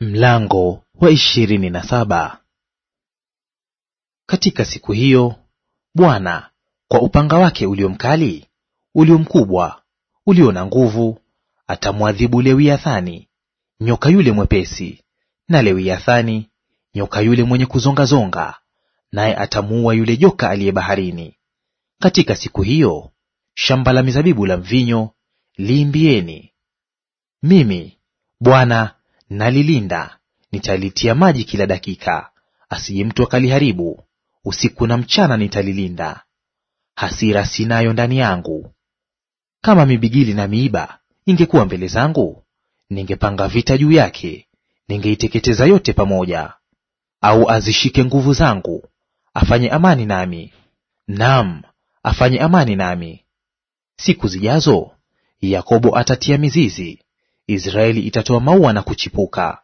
Mlango wa ishirini na saba. Katika siku hiyo Bwana kwa upanga wake ulio mkali, ulio mkubwa, ulio na nguvu, atamwadhibu Lewiathani nyoka yule mwepesi, na Lewiathani nyoka yule mwenye kuzongazonga, naye atamuua yule joka aliye baharini. Katika siku hiyo shamba la mizabibu la mvinyo liimbieni, mimi Bwana nalilinda, nitalitia maji kila dakika, asije mtu akaliharibu; usiku na mchana nitalilinda. Hasira sinayo ndani yangu. Kama mibigili na miiba ingekuwa mbele zangu, ningepanga vita juu yake, ningeiteketeza yote pamoja. Au azishike nguvu zangu, afanye amani nami; nam afanye amani nami. Siku zijazo Yakobo atatia mizizi, Israeli itatoa maua na kuchipuka,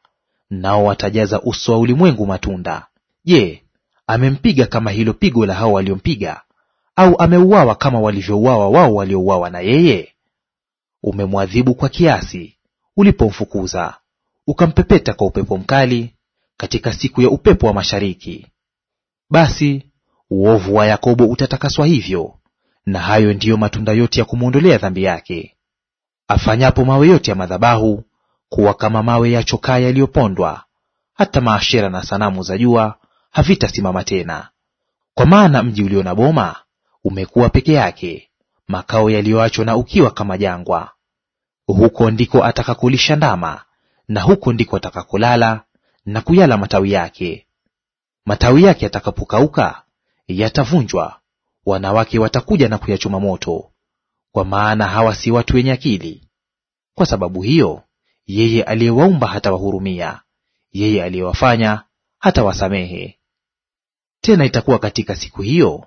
nao watajaza uso wa ulimwengu matunda. Je, amempiga kama hilo pigo la hao waliompiga? Au ameuawa kama walivyouawa wao waliouawa na yeye? Umemwadhibu kwa kiasi ulipomfukuza, ukampepeta kwa upepo mkali katika siku ya upepo wa mashariki. Basi uovu wa Yakobo utatakaswa hivyo, na hayo ndiyo matunda yote ya kumwondolea dhambi yake afanyapo mawe yote ya madhabahu kuwa kama mawe chokaa yaliyopondwa, hata maashera na sanamu za jua havitasimama tena. Kwa maana mji ulio na boma umekuwa peke yake, makao yaliyoachwa na ukiwa kama jangwa. Huko ndiko atakakolisha ndama, na huko ndiko atakakolala na kuyala matawi yake. Matawi yake yatakapokauka yatavunjwa, wanawake watakuja na kuyachoma moto kwa maana hawa si watu wenye akili. Kwa sababu hiyo yeye aliyewaumba hatawahurumia, yeye aliyewafanya hatawasamehe. Tena itakuwa katika siku hiyo,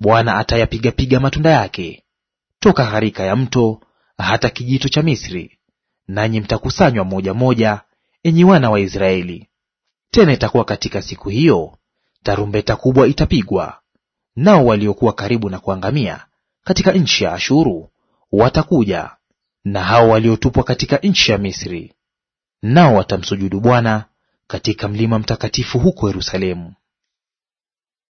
Bwana atayapigapiga matunda yake toka gharika ya mto hata kijito cha Misri, nanyi mtakusanywa moja moja, enyi wana wa Israeli. Tena itakuwa katika siku hiyo, tarumbeta kubwa itapigwa, nao waliokuwa karibu na kuangamia katika nchi ya Ashuru watakuja, na hao waliotupwa katika nchi ya Misri, nao watamsujudu Bwana katika mlima mtakatifu huko Yerusalemu.